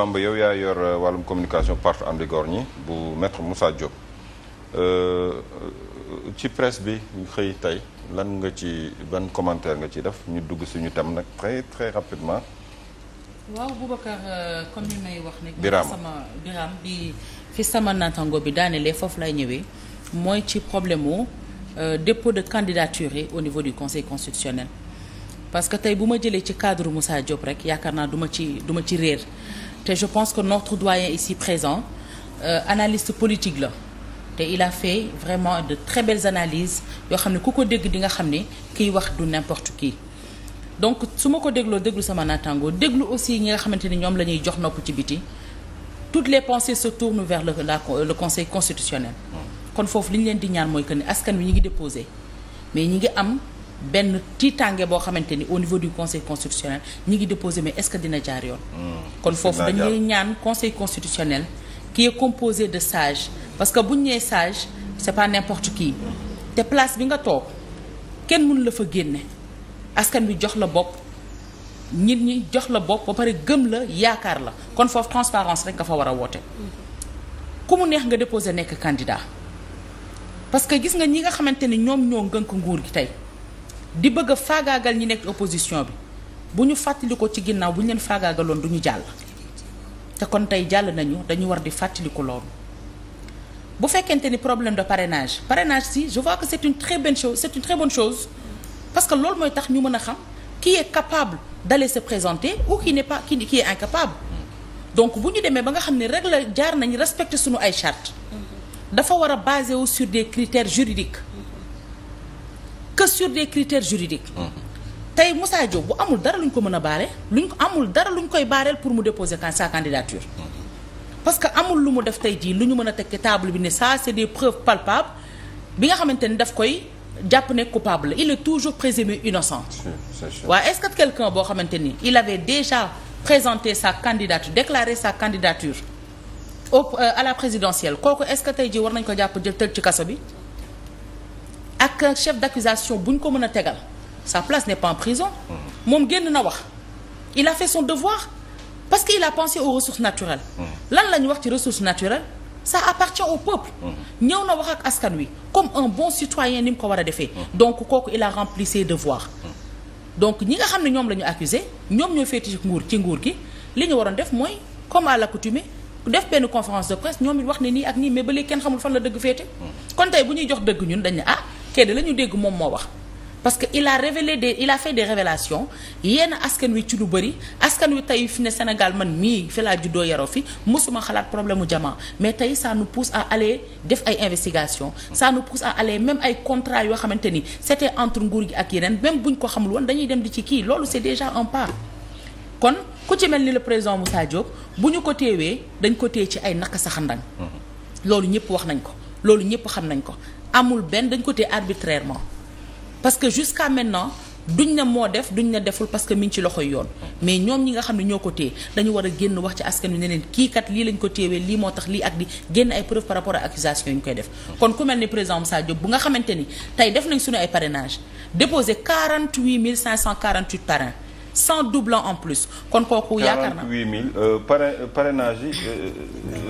Bamba yow yaa yor euh, wàllum communication parti And Guorgui bu maître Moussa Diop euh, ci presse bi xëy tey lan nga ci ban commentaire nga ci def ñu dugg suñu tam nag très très rapidement waaw Boubacar euh, comme ni may wax nag biraam sama biraam fi sama natango bi daanelee foofu lay ñëwee mooy ci problème wu dépôt de candidature yi au niveau du conseil constitutionnel parce que tey bu ma jëlee ci cadre Moussa Diop rek yaakaar naa du ma ci du ci réer te je pense que notre doyen ici présent euh, analyste politique la te il a fait vraiment de très belles analyses yoo xam ne ku ko dégg di nga xam ne kiy wax du n'importe qui donc su ma ko dégloo déglu sama naataangoo déglu aussi ñi nga xamante ne ñoom la ñuy jox nopp ci biti toutes les pensées se tournent vers le la le conseil constitutionnel kon foofu li ñu leen di ñaan mooy que ni askan wi ñu ngi déposé mais ñi ngi am benn tiitaange boo xamante ni au niveau du conseil constitutionnel ñi ngi déposé mais est-ce que dina jaar yoon. Hmm. kon foofu dañuy ñaan conseil constitutionnel kii est composé de sages parce que bu ñu nee sage c'est pas n'importe qui te place bi nga toog kenn mënu la fa génne askan bi jox la bopp. nit ñi jox la bopp ba pare gëm la yaakaar la kon foofu transparence rek nga fa war a woote ku mu neex nga déposer nekk candidat parce que gis nga ñi nga xamante ni ñoom ñoo ngënk nguur gi tey di bëgg a faagaagal ñi nekk opposition bi bu ñu fàttaliko ci ginnaaw bu ñu leen faagaagaloon du ñu jàll te kon tey jàll nañu dañu war di fàttaliku loolu bu fekkente ni problème de parenage parenage si je vois que c'est une très bonne chose c'est une parce que loolu mooy tax ñu mën a xam qui est capable d'aller se présenter ou qui n'est pas kii qui est incapable donc bu ñu demee ba nga xam ne rek la jaar nañ respecter suñu ay chart dafa war a basé wu sur des critères juridiques que sur des critères juridiques mm-hmm. tey Moussa Diop bu amul dara luñ ko mën a baare luñ ko amul dara luñ koy baareel pour mu déposer sa candidature mm-hmm. parce que amul lu mu def tey jii lu ñu mën a teg ci table bi ne ça c'est des preuves palpables bi nga xamante ni daf koy jàpp ne coupable il est toujours présumé innocent waa est-ce que quelqu'un boo xamante ni il avait déjà présenté sa candidature déclaré sa candidature au euh, à la présidentielle kooku est-ce que tey jii war nañ ko jàpp jël tëj ci kaso bi ak chef d'accusation bu ñu ko mën a tegal sa place n'est pas en prison moom génn na wax il a fait son devoir parce qu'il a pensé aux ressources naturelles lan la ñu wax ci ressources naturelles sa appartient au peuple ñëw na wax ak askan wi comme un bon citoyen ni mu ko war a defee donc kooku il a rempli ses devoirs donc ñi nga xam ne ñoom lañu ñu ñoom ñoo féeti ci nguur ci nguur gi li ñu waroon def mooy comme à l'accoutumée def benn conférence de presse ñoom it wax ne nii ak nii mais ba léegi kenn xamul fan la dëgg féete kon bu ñuy jox dëgg ñun dañ ne ah, Kédé la ñu dégg moom moo wax parce que il a révélé des il a fait des révélations yenn askan wi ci lu bëri askan wi tey fi ne Sénégal man mii fi laa juddoo yaroo fi mosuma xalaat problème mu jamaa mais tey ça nous pousse à aller def ay investigation ça nous pousse à aller même ay contrat yoo xamante ni c'était entre nguur gi ak yeneen même buñ ko xamul woon dañuy dem di ci kii loolu c'est déjà en pas kon ku ci mel ni le président Moussa Diop bu ñu ko téewee dañ ko ci ay naka saxandan mm-hmm. ñëpp wax nañ ko ñëpp xam nañ ko amul benn dañ ko téye arbitrairement parce que jusqu'à maintenant duñ na moo def duñ na deful parce que mi ngi ci loxo yoon mais ñoom ñi nga xam ne ñoo ko téye dañu war a génn wax ci askan wi ne leen kii kat lii lañ ko téyewee lii moo tax lii ak di génn ay preuve par rapport à accusation yi ñu koy def kon ku mel ni président Moussa Diop bu nga xamante ni tey def nañ suñu ay parrainage déposé 48 548 parrains sans doublant en plus kon kooku yaakaar na 48 000 parrain euh, parrainage yi euh,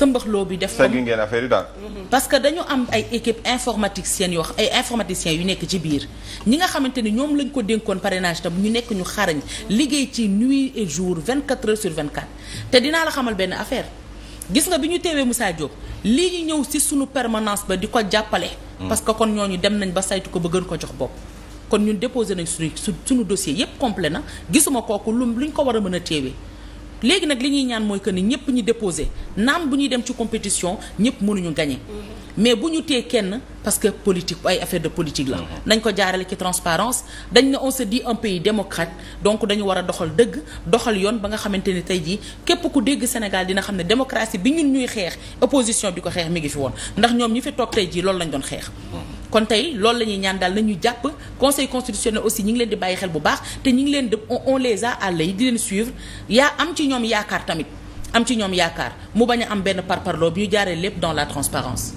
sëmbaxloo bi def segg ngeen affaire yi mm-hmm. parce que dañu am ay équipe informaticienne yoo ay informaticiens yu nekk ci biir ñi nga xamante ni ñoom lañ ko dénkoon parrainage tam ñu nekk ñu xarañ liggéey ci nuit et jour 24 heures sur 24 te dinaa la xamal benn affaire gis nga bi ñu teewee Moussa Diop lii ñu ñëw si suñu permanence ba di ko jàppale mm. parce que kon ñooñu dem nañ ba saytu ko ba gën ko jox bopp kon ñun déposé nañ suñu suñu dossier yépp complet na gisuma kooku lu luñ ko war a mën a téewee léegi nag li ñuy ñaan mooy que ni ñëpp ñu déposé naam bu ñuy dem ci compétition ñëpp mënuñu gagné. Mm-hmm. mais bu ñu tee kenn parce que politique ay affaire de politique la. Mm-hmm. nañ ko jaarale ci transparence dañ ne on se dit un démocrate donc dañu war a doxal dëgg doxal yoon ba nga xamante ni tey jii képp ku dégg Sénégal dina xam ne démocratie bi ñun ñuy xeex opposition bi ko xeex mi ngi fi woon ndax ñoom ñi fi toog tey jii loolu lañ doon xeex. Mm-hmm. kon tey loolu la ñuy ñaan daal nañu jàpp conseil constitutionnel aussi ñi ngi leen di bàyyi xel bu baax te ñi ngi leen di on les a à l'œil di leen suivre yaa am ci ñoom yaakaar tamit am ci ñoom yaakaar mu bañ a am benn parparloo bi ñu jaaree lépp dans la transparence